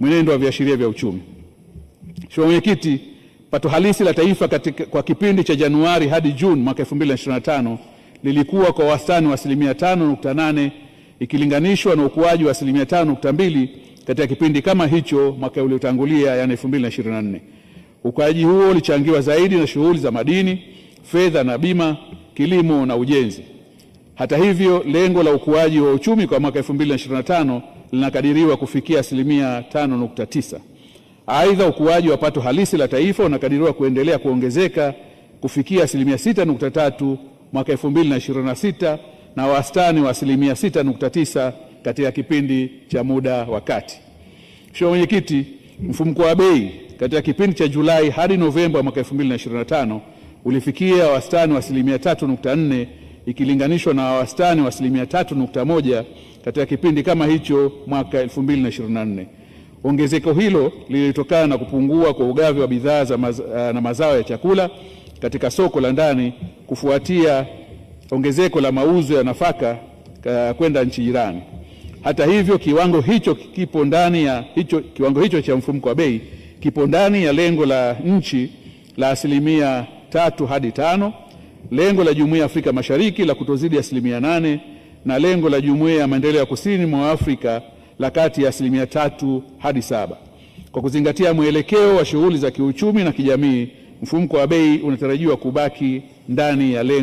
mwenendo wa viashiria vya uchumi. Mheshimiwa Mwenyekiti, pato halisi la taifa katika, kwa kipindi cha Januari hadi Juni mwaka 2025 lilikuwa kwa wastani wa asilimia 5.8 ikilinganishwa na ukuaji wa asilimia 5.2 katika kipindi kama hicho mwaka uliotangulia, yani 2024. Ukuaji huo ulichangiwa zaidi na shughuli za madini, fedha na bima, kilimo na ujenzi. Hata hivyo, lengo la ukuaji wa uchumi kwa mwaka 2025 linakadiriwa kufikia asilimia 5.9. Aidha, ukuaji wa pato halisi la taifa unakadiriwa kuendelea kuongezeka kufikia asilimia 6.3 mwaka 2026 na wastani wa asilimia 6.9 katika kipindi cha muda wa kati. Mheshimiwa Mwenyekiti, mfumko wa bei katika kipindi cha Julai hadi Novemba mwaka 2025 ulifikia wastani wa asilimia 3.4 ikilinganishwa na wastani wa asilimia tatu nukta moja katika kipindi kama hicho mwaka 2024. Ongezeko hilo lilitokana na kupungua kwa ugavi wa bidhaa eh, na mazao ya chakula katika soko la ndani kufuatia ongezeko la mauzo ya nafaka eh, kwenda nchi jirani. Hata hivyo, kiwango hicho kipo ndani ya hicho, kiwango hicho cha mfumko wa bei kipo ndani ya lengo la nchi la asilimia tatu hadi tano lengo la Jumuiya ya Afrika Mashariki la kutozidi asilimia nane na lengo la Jumuiya ya Maendeleo ya Kusini mwa Afrika la kati ya asilimia tatu hadi saba. Kwa kuzingatia mwelekeo wa shughuli za kiuchumi na kijamii, mfumko wa bei unatarajiwa kubaki ndani ya lengo.